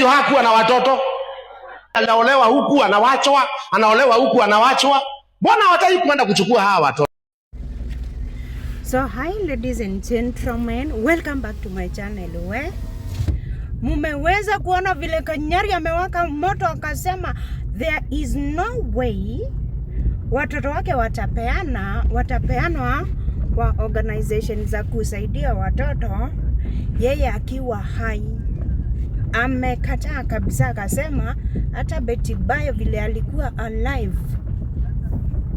hiyo hakuwa na watoto, anaolewa huku anawachwa, anaolewa huku anawachwa. Mbona hawataki kwenda kuchukua hawa watoto? So hi ladies and gentlemen, welcome back to my channel where mumeweza kuona vile Kanyari amewaka moto, akasema there is no way watoto wake watapeana watapeanwa kwa organization za kusaidia watoto, yeye akiwa hai amekataa kabisa, akasema hata Betty Bayo vile alikuwa alive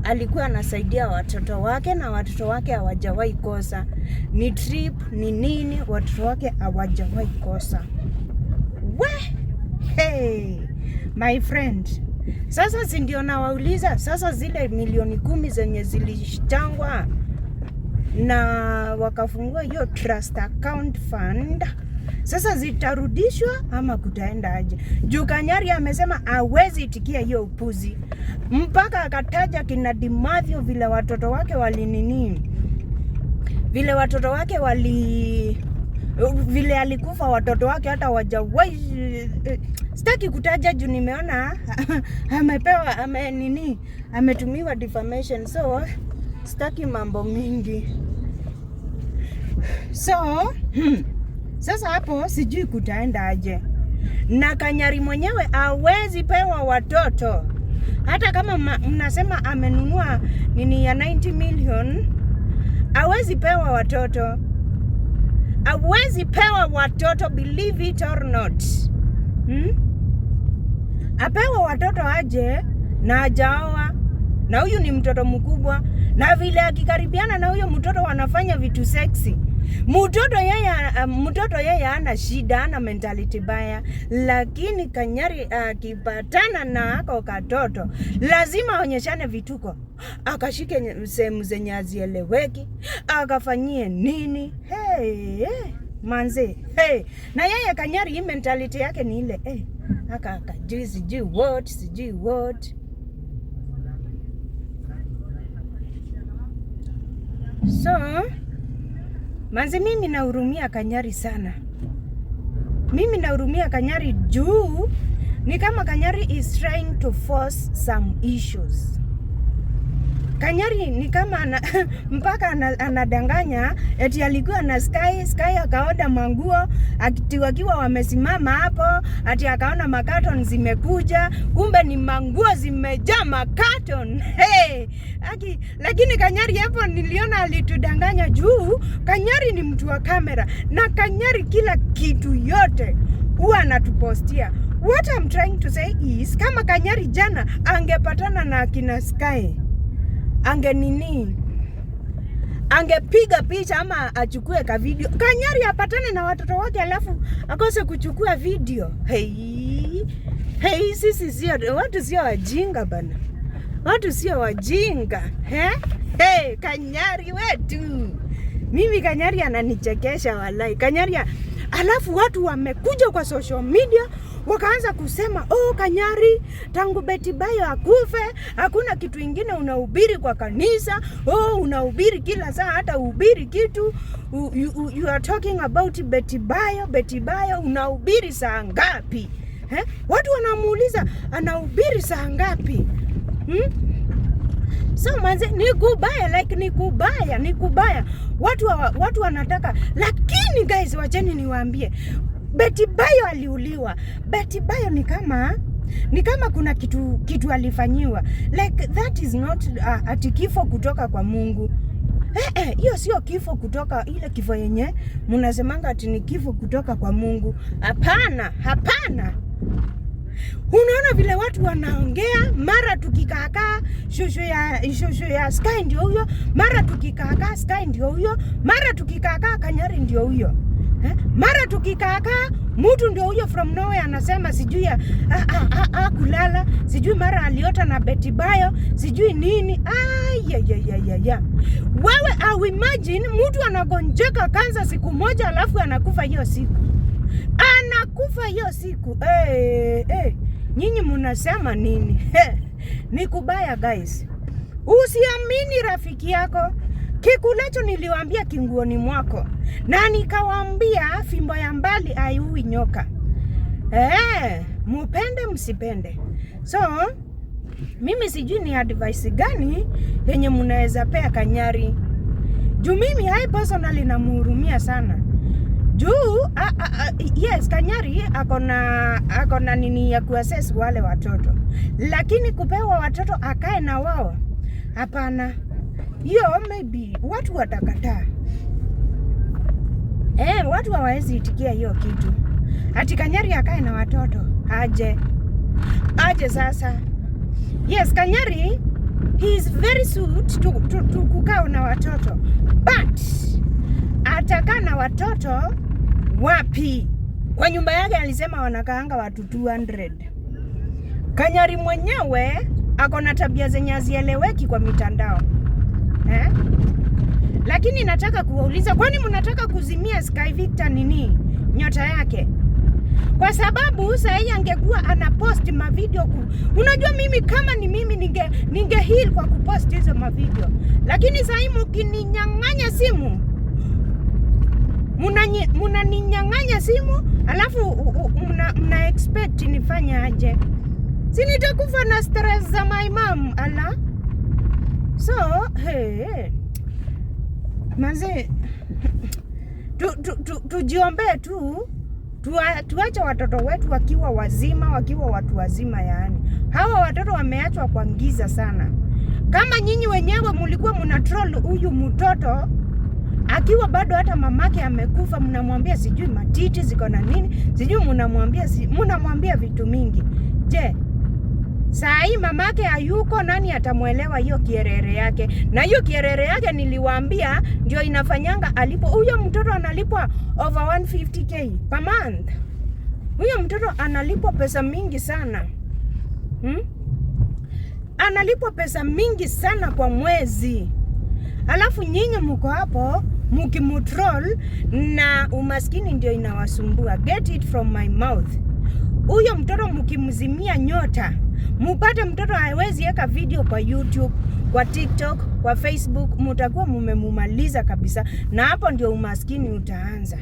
alikuwa anasaidia watoto wake na watoto wake hawajawahi kosa, ni trip ni nini, watoto wake hawajawahi kosa. We hey, my friend, sasa si ndio nawauliza sasa, zile milioni kumi zenye zilitangwa na wakafungua hiyo trust account fund sasa zitarudishwa ama kutaenda aje? Juu Kanyari amesema hawezi itikia hiyo upuzi, mpaka akataja kina Dimathio vile watoto wake walinini, vile watoto wake wali vile alikufa watoto wake hata wajawai eh, Sitaki kutaja juu nimeona amepewa ame nini, ametumiwa defamation, so sitaki mambo mingi so hmm. Sasa hapo sijui kutaenda aje, na Kanyari mwenyewe awezi pewa watoto hata kama mnasema amenunua nini ya 90 million, awezi pewa watoto, awezi pewa watoto, believe it or not hmm? Apewa watoto aje na ajaoa na huyu ni mtoto mkubwa, na vile akikaribiana na huyo mtoto wanafanya vitu sexy. Mtoto yeye eh, mtoto yeye ana shida, ana mentality baya, lakini Kanyari eh, akipatana uh, na ako katoto lazima aonyeshane vituko, akashike sehemu zenye azieleweki akafanyie nini. Hey, hey, manze hey. Na yeye Kanyari hii mentality yake ni ile hey, eh, aka akajui sijui what sijui what So manzi mimi nahurumia Kanyari sana, mimi nahurumia Kanyari juu ni kama Kanyari is trying to force some issues Kanyari ni kama ana, mpaka anadanganya eti alikuwa na Sky, Sky akaoda manguo wakiwa wamesimama hapo, ati akaona makaton zimekuja, kumbe ni manguo zimejaa makaton. Hey, aki, lakini Kanyari hapo niliona alitudanganya juu Kanyari ni mtu wa kamera na Kanyari kila kitu yote huwa anatupostia. What I'm trying to say is kama Kanyari jana angepatana na akina Sky ange nini angepiga picha ama achukue ka video. Kanyari apatane na watoto wake alafu akose kuchukua video. Hey, hei, sisi sio watu, sio wajinga bana, watu sio wajinga he? Hey, Kanyari wetu, mimi Kanyari ananichekesha walai. Kanyari, alafu watu wamekuja kwa social media wakaanza kusema oh, Kanyari, tangu Betty Bayo akufe hakuna kitu ingine unahubiri kwa kanisa. Oh, unahubiri kila saa, hata uhubiri kitu you, you, you are talking about Betty Bayo, Betty Bayo unahubiri saa ngapi He? Watu wanamuuliza anahubiri saa ngapi hmm? So manze, ni kubaya like ni kubaya, ni kubaya. Watu wa, watu wanataka, lakini guys, wacheni niwaambie Betty Bayo aliuliwa. Betty Bayo ni kama ni kama kuna kitu kitu alifanyiwa, like that is not uh, ati kifo kutoka kwa Mungu eh, eh, hiyo eh, sio kifo kutoka ile kifo yenye mnasemanga ati ni kifo kutoka kwa Mungu. Hapana, hapana. Unaona vile watu wanaongea, mara tukikaakaa shushu ya, shushu ya Sky ndio huyo, mara tukikaakaa Sky ndio huyo, mara tukikaakaa Kanyari ndio huyo. Eh? Mara tukikaakaa mtu ndio huyo from nowhere anasema sijui a ah, ah, ah, kulala sijui mara aliota na Betty Bayo sijui nini ah, ya, ya, ya, ya, Wewe au imagine mtu anagonjeka kansa siku moja alafu anakufa hiyo siku anakufa hiyo siku hey, eh, eh. hey. Nyinyi munasema nini? Ni kubaya guys, usiamini rafiki yako kikulacho, niliwaambia kinguoni mwako na nikawaambia fimbo ya mbali haiui nyoka. Eh, mupende msipende. So mimi sijui ni advice gani yenye mnaweza pea Kanyari juu mimi hai personally namhurumia sana juu a, a, a, yes Kanyari akona akona nini ya kuassess wale watoto, lakini kupewa watoto akae na wao, hapana. Hiyo maybe watu watakataa. Eh, watu hawawezi itikia hiyo kitu. Ati Kanyari akae na watoto aje aje? Sasa yes, Kanyari he is very suit to, to, to kukaa na watoto but atakaa na watoto wapi? Kwa nyumba yake alisema wanakaanga watu 200. Kanyari mwenyewe ako na tabia zenye hazieleweki kwa mitandao eh? Lakini nataka kuwauliza, kwani mnataka kuzimia Sky Victor nini nyota yake? Kwa sababu saa hii angekuwa anapost mavideo ku... Unajua, mimi kama ni mimi ninge ninge heal kwa kupost hizo mavideo, lakini saa hii mkininyang'anya simu, munaninyang'anya simu, alafu mna expect nifanye aje? Si nitakufa na stress za my mom ala, so hey manze, tujiombee tu, tu, tu, tu tuache watoto wetu wakiwa wazima, wakiwa watu wazima. Yaani hawa watoto wameachwa kwa ngiza sana. Kama nyinyi wenyewe mulikuwa muna troll huyu mtoto akiwa bado hata mamake amekufa, mnamwambia sijui matiti ziko na nini, sijui mnamwambia si, mnamwambia vitu mingi. Je, Saa hii mamake hayuko, nani atamwelewa hiyo kierere yake? Na hiyo kierere yake niliwaambia ndio inafanyanga alipo huyo mtoto analipwa over 150k per month. Huyo mtoto analipwa pesa mingi sana hmm? Analipwa pesa mingi sana kwa mwezi, alafu nyinyi mko hapo mkimutroll na umaskini ndio inawasumbua. Get it from my mouth, huyo mtoto mkimzimia nyota Mupate mtoto hawezi weka video kwa YouTube, kwa TikTok, kwa Facebook, mutakuwa mumemumaliza kabisa, na hapo ndio umaskini utaanza.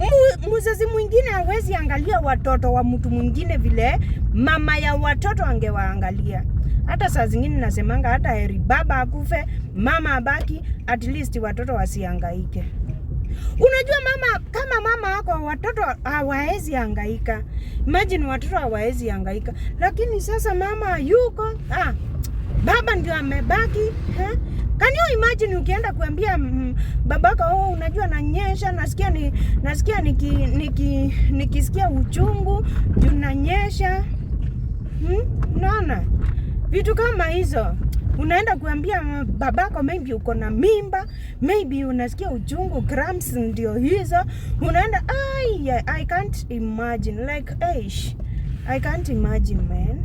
muzazi mzazi mwingine hawezi angalia watoto wa mtu mwingine vile mama ya watoto angewaangalia. Hata saa zingine nasemanga hata heri baba akufe mama abaki, at least watoto wasiangaike. Unajua mama, kama mama wako watoto hawaezi hangaika. Imagine watoto hawaezi hangaika, lakini sasa mama yuko ah, baba ndio amebaki eh? Can you imagine ukienda kuambia mm, babako oh, unajua nanyesha, nasikia ni nasikia nikisikia niki, niki, nikisikia uchungu junanyesha Hmm? Naona vitu kama hizo unaenda kuambia babako, maybe uko na mimba, maybe unasikia uchungu, cramps ndio hizo, unaenda ai, I can't imagine like eish, I can't imagine man,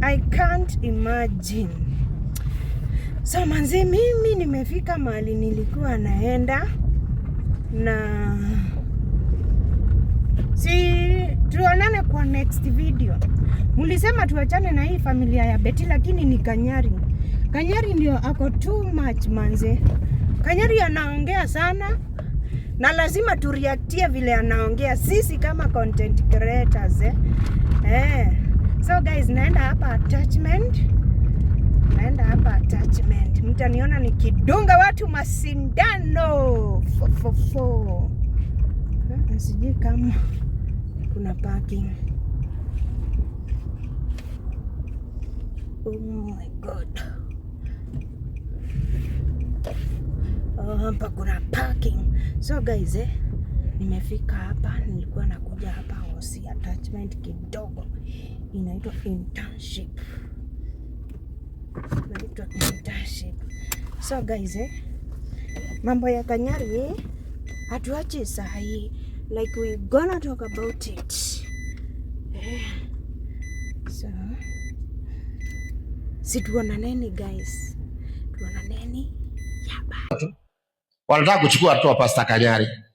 I can't imagine. So manzi, mimi nimefika mahali nilikuwa naenda na si tuonane kwa next video. Mlisema tuachane na hii familia ya Beti, lakini ni Kanyari. Kanyari ndio ako too much manze. Kanyari anaongea sana na lazima turiaktie vile anaongea, sisi kama content creators eh. Eh. So guys, naenda hapa attachment, naenda hapa attachment, mtaniona nikidunga watu masindano fofofo. Eh, sijui kama kuna parking Oh my God. Oh, hapa kuna parking. So guys, eh, nimefika hapa, nilikuwa nakuja hapa Osi attachment kidogo inaitwa internship. Inaitwa internship. So guys, eh, mambo ya Kanyari eh, hatuachi sahi, like we gonna talk about it eh. Si tuonaneni guys, Yaba. Wanataka kuchukua watoto wa Pasta Kanyari.